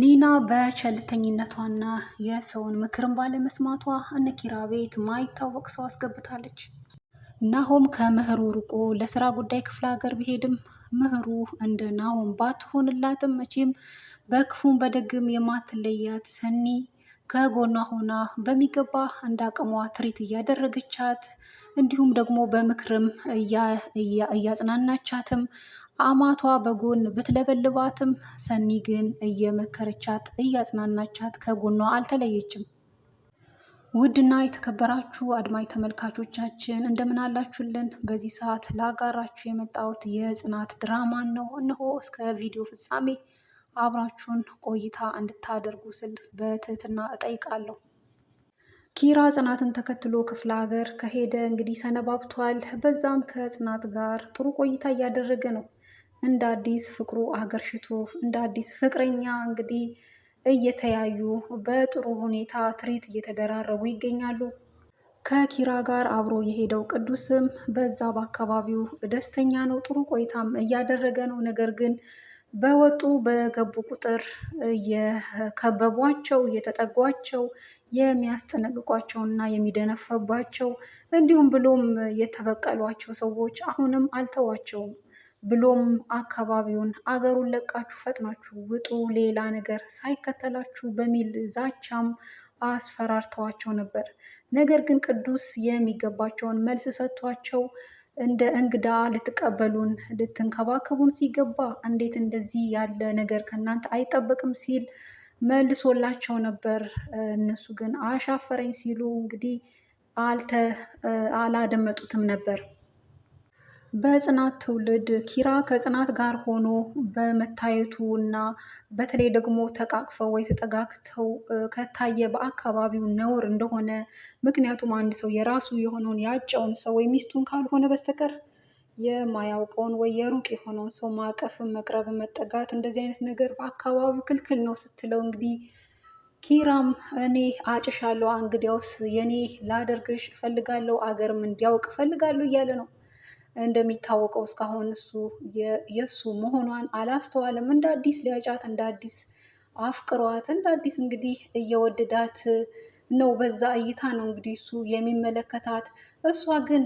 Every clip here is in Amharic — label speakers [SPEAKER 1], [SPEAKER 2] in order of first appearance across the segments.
[SPEAKER 1] ኒና በቸልተኝነቷና የሰውን ምክርን ባለመስማቷ እነኪራ ቤት ማይታወቅ ሰው አስገብታለች። ናሆም ከምህሩ ርቆ ለስራ ጉዳይ ክፍለ ሀገር ቢሄድም ምህሩ እንደ ናሆም ባትሆንላትም መቼም በክፉም በደግም የማትለያት ሰኒ ከጎኗ ሆና በሚገባ እንዳቅሟ ትሪት እያደረገቻት እንዲሁም ደግሞ በምክርም እያጽናናቻትም አማቷ በጎን ብትለበልባትም ሰኒ ግን እየመከረቻት እያጽናናቻት ከጎኗ አልተለየችም። ውድና የተከበራችሁ አድማጭ ተመልካቾቻችን እንደምን አላችሁልን? በዚህ ሰዓት ላጋራችሁ የመጣሁት የጽናት ድራማን ነው። እነሆ እስከ ቪዲዮ ፍጻሜ አብራችሁን ቆይታ እንድታደርጉ ስል በትህትና እጠይቃለሁ። ኪራ ጽናትን ተከትሎ ክፍለ ሀገር ከሄደ እንግዲህ ሰነባብቷል። በዛም ከጽናት ጋር ጥሩ ቆይታ እያደረገ ነው። እንደ አዲስ ፍቅሩ አገርሽቶ እንደ አዲስ ፍቅረኛ እንግዲህ እየተያዩ በጥሩ ሁኔታ ትርኢት እየተደራረቡ ይገኛሉ። ከኪራ ጋር አብሮ የሄደው ቅዱስም በዛ በአካባቢው ደስተኛ ነው። ጥሩ ቆይታም እያደረገ ነው። ነገር ግን በወጡ በገቡ ቁጥር እየከበቧቸው እየተጠጓቸው እና የሚደነፈባቸው እንዲሁም ብሎም የተበቀሏቸው ሰዎች አሁንም አልተዋቸውም። ብሎም አካባቢውን አገሩን ለቃችሁ ፈጥናችሁ ውጡ፣ ሌላ ነገር ሳይከተላችሁ በሚል ዛቻም አስፈራርተዋቸው ነበር። ነገር ግን ቅዱስ የሚገባቸውን መልስ ሰጥቷቸው እንደ እንግዳ ልትቀበሉን ልትንከባከቡን ሲገባ እንዴት እንደዚህ ያለ ነገር ከእናንተ አይጠበቅም ሲል መልሶላቸው ነበር። እነሱ ግን አሻፈረኝ ሲሉ እንግዲህ አላደመጡትም ነበር። በጽናት ትውልድ ኪራ ከጽናት ጋር ሆኖ በመታየቱ እና በተለይ ደግሞ ተቃቅፈው ወይ ተጠጋግተው ከታየ በአካባቢው ነውር እንደሆነ ምክንያቱም አንድ ሰው የራሱ የሆነውን ያጨውን ሰው ወይ ሚስቱን ካልሆነ በስተቀር የማያውቀውን ወይ የሩቅ የሆነውን ሰው ማቀፍ፣ መቅረብ፣ መጠጋት እንደዚህ አይነት ነገር በአካባቢው ክልክል ነው ስትለው እንግዲህ ኪራም እኔ አጭሻለሁ፣ እንግዲያውስ የኔ ላደርግሽ እፈልጋለሁ፣ አገርም እንዲያውቅ እፈልጋለሁ እያለ ነው። እንደሚታወቀው እስካሁን እሱ የእሱ መሆኗን አላስተዋልም። እንደ አዲስ ሊያጫት እንደ አዲስ አፍቅሯት እንደ አዲስ እንግዲህ እየወደዳት ነው። በዛ እይታ ነው እንግዲህ እሱ የሚመለከታት። እሷ ግን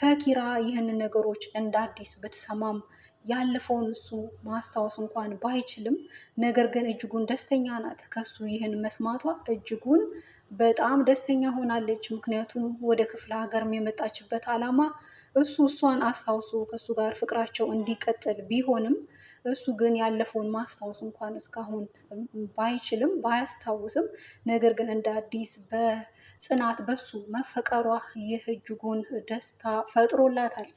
[SPEAKER 1] ከኪራ ይህን ነገሮች እንደ አዲስ ብትሰማም ያለፈውን እሱ ማስታወስ እንኳን ባይችልም ነገር ግን እጅጉን ደስተኛ ናት። ከሱ ይህን መስማቷ እጅጉን በጣም ደስተኛ ሆናለች። ምክንያቱም ወደ ክፍለ ሀገርም የመጣችበት ዓላማ እሱ እሷን አስታውሶ ከእሱ ጋር ፍቅራቸው እንዲቀጥል ቢሆንም እሱ ግን ያለፈውን ማስታወስ እንኳን እስካሁን ባይችልም ባያስታውስም፣ ነገር ግን እንደ አዲስ በጽናት በሱ መፈቀሯ ይህ እጅጉን ደስታ ፈጥሮላታል።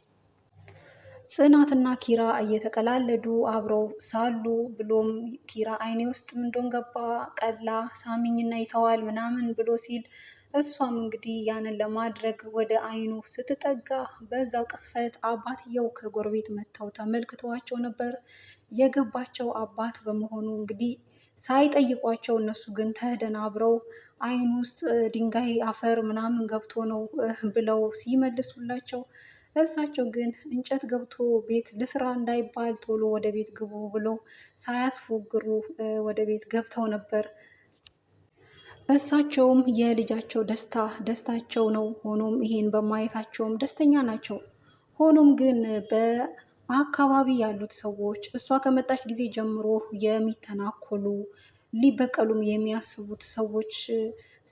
[SPEAKER 1] ጽናትና ኪራ እየተቀላለዱ አብረው ሳሉ ብሎም ኪራ አይኔ ውስጥ ምንዶን ገባ ቀላ ሳሚኝና ይተዋል ምናምን ብሎ ሲል እሷም እንግዲህ ያንን ለማድረግ ወደ አይኑ ስትጠጋ በዛው ቅስፈት አባትየው ከጎረቤት መጥተው ተመልክተዋቸው ነበር። የገባቸው አባት በመሆኑ እንግዲህ ሳይጠይቋቸው እነሱ ግን ተደናብረው አይኑ ውስጥ ድንጋይ አፈር ምናምን ገብቶ ነው ብለው ሲመልሱላቸው እሳቸው ግን እንጨት ገብቶ ቤት ልስራ እንዳይባል ቶሎ ወደ ቤት ግቡ ብሎ ሳያስፎግሩ ወደ ቤት ገብተው ነበር። እሳቸውም የልጃቸው ደስታ ደስታቸው ነው። ሆኖም ይሄን በማየታቸውም ደስተኛ ናቸው። ሆኖም ግን በአካባቢ ያሉት ሰዎች እሷ ከመጣች ጊዜ ጀምሮ የሚተናኮሉ ሊበቀሉም የሚያስቡት ሰዎች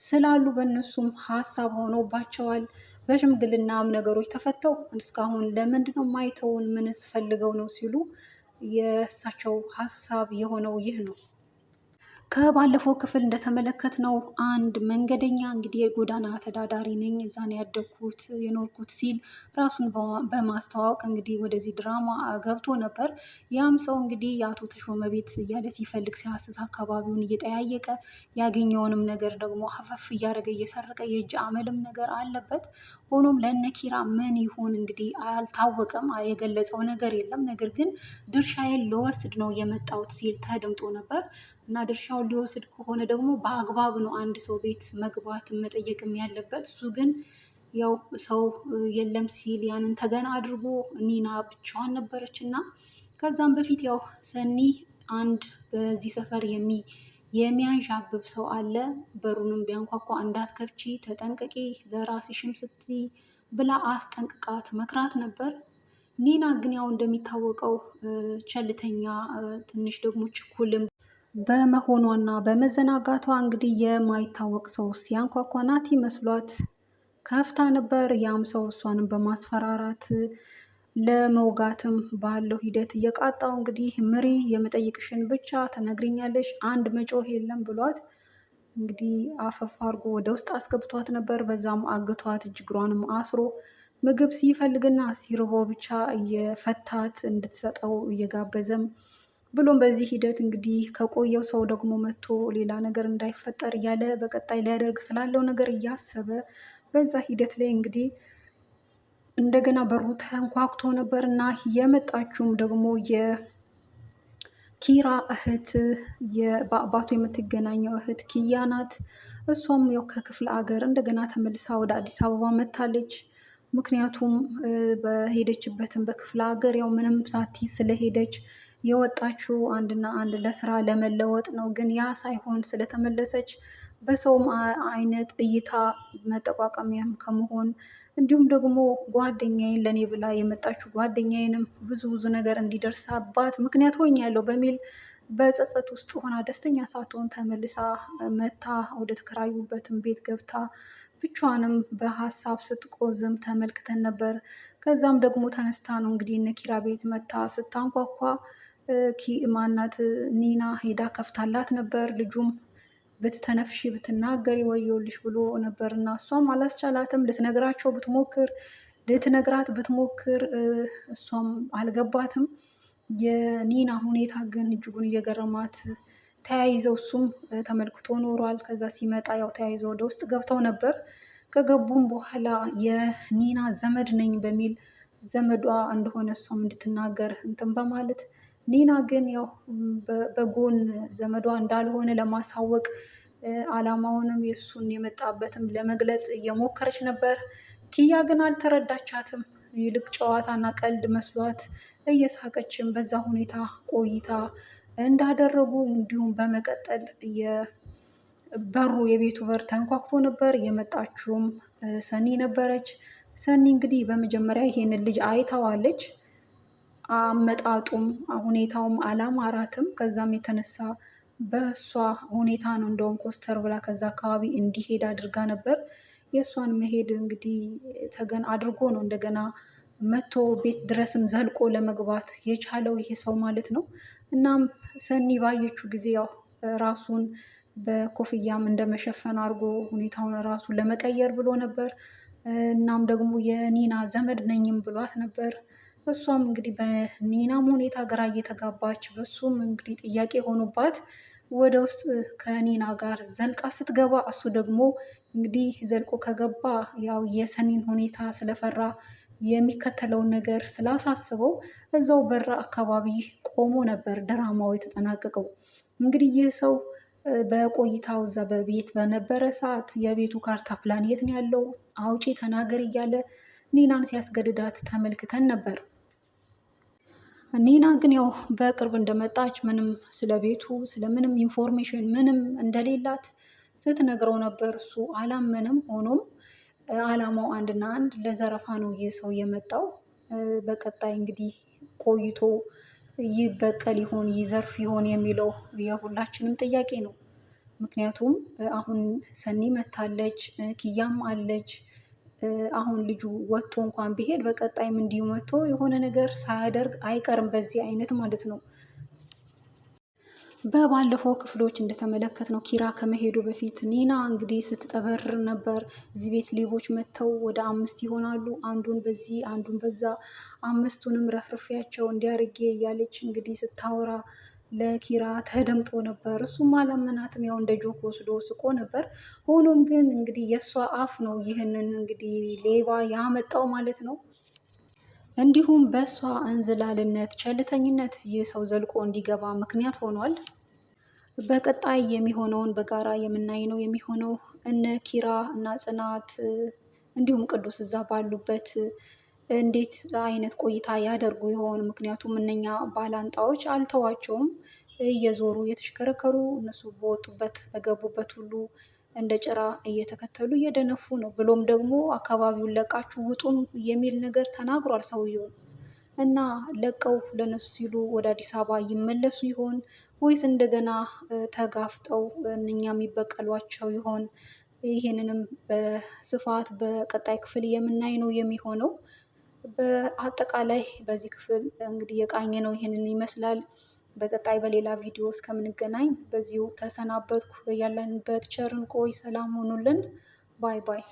[SPEAKER 1] ስላሉ በእነሱም ሀሳብ ሆኖባቸዋል። በሽምግልናም ነገሮች ተፈተው እስካሁን ለምንድን ነው ማይተውን ምንስ ፈልገው ነው ሲሉ የእሳቸው ሀሳብ የሆነው ይህ ነው። ከባለፈው ክፍል እንደተመለከትነው አንድ መንገደኛ እንግዲህ የጎዳና ተዳዳሪ ነኝ እዛን ያደግኩት የኖርኩት ሲል ራሱን በማስተዋወቅ እንግዲህ ወደዚህ ድራማ ገብቶ ነበር። ያም ሰው እንግዲህ የአቶ ተሾመ ቤት እያለ ሲፈልግ ሲያስስ አካባቢውን እየጠያየቀ ያገኘውንም ነገር ደግሞ ሀፈፍ እያደረገ እየሰረቀ የእጅ አመልም ነገር አለበት። ሆኖም ለነኪራ ምን ይሁን እንግዲህ አልታወቀም። የገለጸው ነገር የለም። ነገር ግን ድርሻዬን ልወስድ ነው የመጣሁት ሲል ተደምጦ ነበር እና ድርሻውን ሊወስድ ከሆነ ደግሞ በአግባብ ነው አንድ ሰው ቤት መግባት መጠየቅም ያለበት። እሱ ግን ያው ሰው የለም ሲል ያንን ተገና አድርጎ ኒና ብቻዋን ነበረች እና ከዛም በፊት ያው ሰኒ አንድ በዚህ ሰፈር የሚ የሚያንዣብብ ሰው አለ። በሩንም ቢያንኳኳ እንዳትከፍቺ ተጠንቀቂ፣ ለራስሽም ስትይ ብላ አስጠንቅቃት መክራት ነበር። ኒና ግን ያው እንደሚታወቀው ቸልተኛ፣ ትንሽ ደግሞ ችኩልም በመሆኗና በመዘናጋቷ እንግዲህ የማይታወቅ ሰው ሲያንኳኳ ናቲ መስሏት ከፍታ ነበር። ያም ሰው እሷንም በማስፈራራት ለመውጋትም ባለው ሂደት እየቃጣው እንግዲህ ምሪ የምጠይቅሽን ብቻ ተነግሪኛለሽ፣ አንድ መጮህ የለም ብሏት እንግዲህ አፈፍ አድርጎ ወደ ውስጥ አስገብቷት ነበር። በዛም አግቷት እጅግሯንም አስሮ ምግብ ሲፈልግና ሲርቦ ብቻ እየፈታት እንድትሰጠው እየጋበዘም ብሎም በዚህ ሂደት እንግዲህ ከቆየው ሰው ደግሞ መጥቶ ሌላ ነገር እንዳይፈጠር እያለ በቀጣይ ሊያደርግ ስላለው ነገር እያሰበ በዛ ሂደት ላይ እንግዲህ እንደገና በሩ ተንኳክቶ ነበር እና የመጣችውም ደግሞ የኪራ እህት በአባቱ የምትገናኘው እህት ኪያ ናት። እሷም ያው ከክፍለ አገር እንደገና ተመልሳ ወደ አዲስ አበባ መታለች። ምክንያቱም በሄደችበትም በክፍለ ሀገር ያው ምንም ሳቲ ስለሄደች የወጣችው አንድና አንድ ለስራ ለመለወጥ ነው። ግን ያ ሳይሆን ስለተመለሰች በሰውም አይነት እይታ መጠቋቀሚያም ከመሆን እንዲሁም ደግሞ ጓደኛዬን ለእኔ ብላ የመጣችው ጓደኛዬንም ብዙ ብዙ ነገር እንዲደርሳባት ምክንያት ሆኛለሁ በሚል በጸጸት ውስጥ ሆና ደስተኛ ሳትሆን ተመልሳ መታ ወደ ተከራዩበትም ቤት ገብታ ብቻዋንም በሀሳብ ስትቆዝም ተመልክተን ነበር። ከዛም ደግሞ ተነስታ ነው እንግዲህ እነ ኪራ ቤት መታ ስታንኳኳ ማናት ኒና ሄዳ ከፍታላት ነበር። ልጁም ብትተነፍሺ ብትናገሪ ወዮልሽ ብሎ ነበር እና እሷም አላስቻላትም። ልትነግራቸው ብትሞክር ልትነግራት ብትሞክር እሷም አልገባትም። የኒና ሁኔታ ግን እጅጉን እየገረማት ተያይዘው እሱም ተመልክቶ ኖሯል። ከዛ ሲመጣ ያው ተያይዘው ወደ ውስጥ ገብተው ነበር። ከገቡም በኋላ የኒና ዘመድ ነኝ በሚል ዘመዷ እንደሆነ እሷም እንድትናገር እንትን በማለት ኒና ግን ያው በጎን ዘመዷ እንዳልሆነ ለማሳወቅ አላማውንም የእሱን የመጣበትም ለመግለጽ እየሞከረች ነበር። ኪያ ግን አልተረዳቻትም። ይልቅ ጨዋታና ቀልድ መስሏት እየሳቀችም በዛ ሁኔታ ቆይታ እንዳደረጉ እንዲሁም በመቀጠል በሩ የቤቱ በር ተንኳኩቶ ነበር። የመጣችውም ሰኒ ነበረች። ሰኒ እንግዲህ በመጀመሪያ ይሄንን ልጅ አይታዋለች። አመጣጡም ሁኔታውም አላማራትም። ከዛም የተነሳ በእሷ ሁኔታ ነው እንደውም ኮስተር ብላ ከዛ አካባቢ እንዲሄድ አድርጋ ነበር። የእሷን መሄድ እንግዲህ ተገን አድርጎ ነው እንደገና መቶ ቤት ድረስም ዘልቆ ለመግባት የቻለው ይሄ ሰው ማለት ነው። እናም ሰኒ ባየችው ጊዜ ያው ራሱን በኮፍያም እንደመሸፈን አድርጎ ሁኔታውን ራሱን ለመቀየር ብሎ ነበር። እናም ደግሞ የኒና ዘመድ ነኝም ብሏት ነበር። እሷም እንግዲህ በኒናም ሁኔታ ግራ እየተጋባች በሱም እንግዲህ ጥያቄ ሆኖባት ወደ ውስጥ ከኒና ጋር ዘልቃ ስትገባ እሱ ደግሞ እንግዲህ ዘልቆ ከገባ ያው የሰኒን ሁኔታ ስለፈራ የሚከተለውን ነገር ስላሳስበው እዛው በራ አካባቢ ቆሞ ነበር ድራማው የተጠናቀቀው። እንግዲህ ይህ ሰው በቆይታው እዛ በቤት በነበረ ሰዓት የቤቱ ካርታ ፕላን የት ነው ያለው አውጪ ተናገር እያለ ኒናን ሲያስገድዳት ተመልክተን ነበር። ኒና ግን ያው በቅርብ እንደመጣች ምንም ስለ ቤቱ ስለምንም ኢንፎርሜሽን ምንም እንደሌላት ስትነግረው ነበር። እሱ አላመነም። ሆኖም አላማው አንድና አንድ ለዘረፋ ነው ይህ ሰው የመጣው። በቀጣይ እንግዲህ ቆይቶ ይበቀል ይሆን ይዘርፍ ይሆን የሚለው የሁላችንም ጥያቄ ነው። ምክንያቱም አሁን ሰኒ መታለች፣ ኪያም አለች። አሁን ልጁ ወጥቶ እንኳን ቢሄድ በቀጣይም እንዲሁ ወጥቶ የሆነ ነገር ሳያደርግ አይቀርም በዚህ አይነት ማለት ነው። በባለፈው ክፍሎች እንደተመለከት ነው ኪራ ከመሄዱ በፊት ኒና እንግዲህ ስትጠበር ነበር። እዚህ ቤት ሌቦች መጥተው ወደ አምስት ይሆናሉ፣ አንዱን በዚህ አንዱን በዛ፣ አምስቱንም ረፍርፊያቸው እንዲያርጌ እያለች እንግዲህ ስታወራ ለኪራ ተደምጦ ነበር። እሱም አላመናትም። ያው እንደ ጆክ ወስዶ ስቆ ነበር። ሆኖም ግን እንግዲህ የእሷ አፍ ነው ይህንን እንግዲህ ሌባ ያመጣው ማለት ነው። እንዲሁም በእሷ እንዝላልነት፣ ቸልተኝነት ይህ ሰው ዘልቆ እንዲገባ ምክንያት ሆኗል። በቀጣይ የሚሆነውን በጋራ የምናይ ነው የሚሆነው። እነ ኪራ እና ጽናት እንዲሁም ቅዱስ እዛ ባሉበት እንዴት አይነት ቆይታ ያደርጉ ይሆን? ምክንያቱም እነኛ ባላንጣዎች አልተዋቸውም። እየዞሩ እየተሽከረከሩ እነሱ በወጡበት በገቡበት ሁሉ እንደ ጭራ እየተከተሉ እየደነፉ ነው። ብሎም ደግሞ አካባቢውን ለቃችሁ ውጡም የሚል ነገር ተናግሯል ሰውየው። እና ለቀው ለነሱ ሲሉ ወደ አዲስ አበባ ይመለሱ ይሆን ወይስ እንደገና ተጋፍጠው እነኛ የሚበቀሏቸው ይሆን? ይህንንም በስፋት በቀጣይ ክፍል የምናይ ነው የሚሆነው። በአጠቃላይ በዚህ ክፍል እንግዲህ የቃኘ ነው ይህንን ይመስላል። በቀጣይ በሌላ ቪዲዮ እስከምንገናኝ በዚሁ ተሰናበትኩ። በያለንበት ቸርን ቆይ፣ ሰላም ሆኑልን። ባይ ባይ።